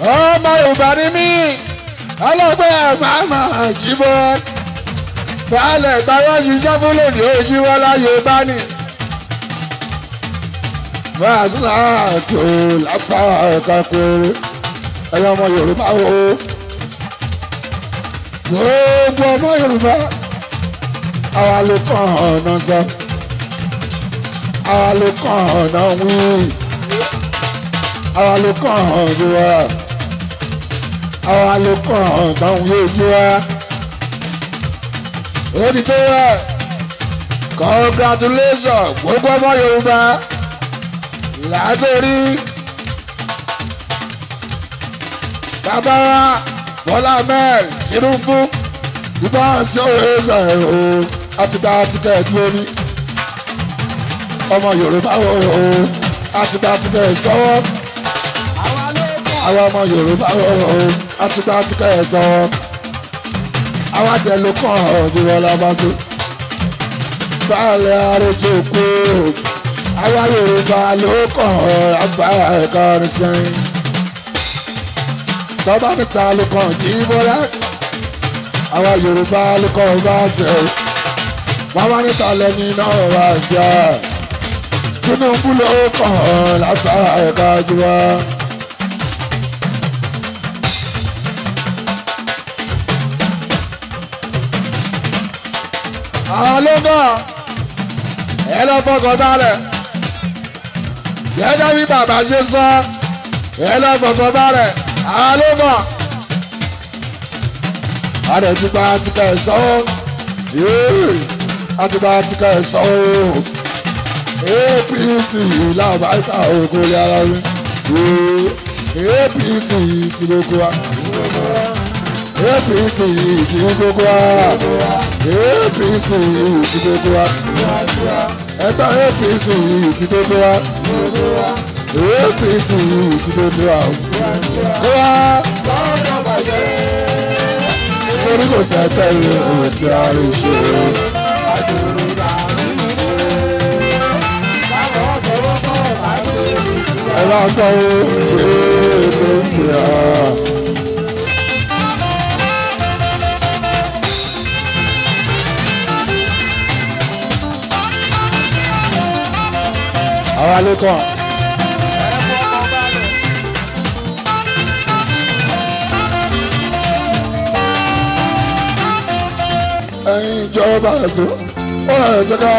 ọmọ yorùbá ni mí ọlọ́gbẹ́ màmá jíbọ́ balẹ̀ gbáwọ́ ṣiṣẹ́ fún lòdì ojú wọn láyé bá ní. fàṣìlà tó lápá ẹ̀ka péré ẹ̀yọ́ ọmọ yorùbá o gbogbo ọmọ yorùbá àwa ló kàn ọ̀nà sọ àwa ló ọ̀nà wí àwa ló ọ̀nà wí àwọn alẹ́kùn àwọn ìtàwọn yóò jí wá. ó ti tó wá congratulations gbogbo ọmọ Yorùbá látòrí bàbá Bọ́lá mẹ́rin Tinubu bíbá sí òrèzà ẹ̀rọ àtìgbà àtìkẹ́ ẹ̀dúró ní ọmọ Yorùbá ọ̀rọ̀ àtìgbà àtìkẹ́ ìsọwọ́ àwa ọmọ Yorùbá ọ̀hún àtúkàtúkà ẹ̀ sọ àwa tẹ̀lé kàn ọ̀dùnrún ọlábàṣọ balẹ̀ àròjò kú àwa Yorùbá ló kàn àgbà ẹ̀kọ́ rẹ̀ sẹ́yìn tọ́ba níta ló kàn jí bọ́lá àwa Yorùbá ló kàn bá sẹ́yìn wọ́n wá níta lẹ́ni náà wá sí i Tinubu ló kàn lágbà ẹ̀ka jù àlọ́gà ela lọ fọkàn balẹ̀ gẹ́gẹ́ bí bàbá ṣe sọ ẹ lọ fọkàn balẹ̀ àlọ́gà àdẹ̀tùpá àtìkà ẹ̀sọ́ àtìpá àtìkà ẹ̀sọ́ APC làbáyíká ògùn yàrá mi APC tìlókùwà. APC kì í gbogbo wa APC kì í gbogbo wa ẹgbẹ́ APC kì í gbogbo wa APC kì í gbogbo wa ó wá nítorí kò sẹ́gbẹ́ ilé òun tí a rí ṣe. Ẹ lọ́kọ̀ọ́ ìwé ìgbésẹ̀. àwa ló kàn. ẹ̀yin ìjọba ẹ̀sìn ó rẹ̀ jẹ́ká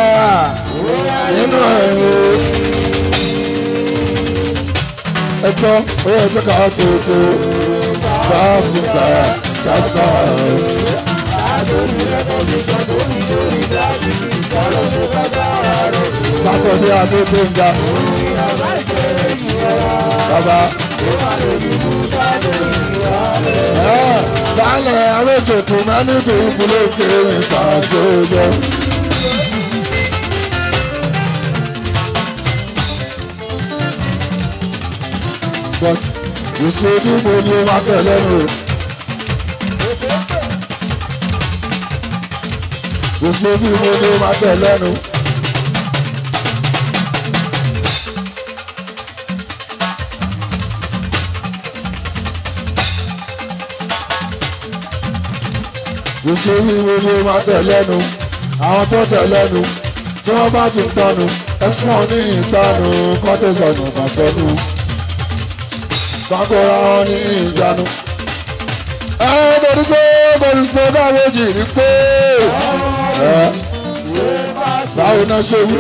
nínú ẹ̀yìn ẹ̀tọ́ ó rẹ̀ jẹ́ká tuntun bá a sì gbà ṣáṣá. Akọ̀dé Adégbèjà. Bàbá. Ah, bàálẹ̀ Arójòkú máa ní ìdòwú fúlé òkèrè nípa àṣọjọ. But ìṣojú mo ní wá tẹ̀lé nù. Ìṣojú mo ní wá tẹ̀lé nù. kò sí wíwo ni wọ́n tẹ̀lẹ́nu àwọn tó tẹ̀lẹ́nu tí wọ́n bá ti gbọ́nu ẹ fún ọ ní ìgbàanu kọ́tẹ́ sọ̀nù kàṣẹ́nu kakora wọn ní ìgbàanu. ẹ lórí pé bọ́lú tó dáwọ́ jì ní pé báwo náà ṣe wí.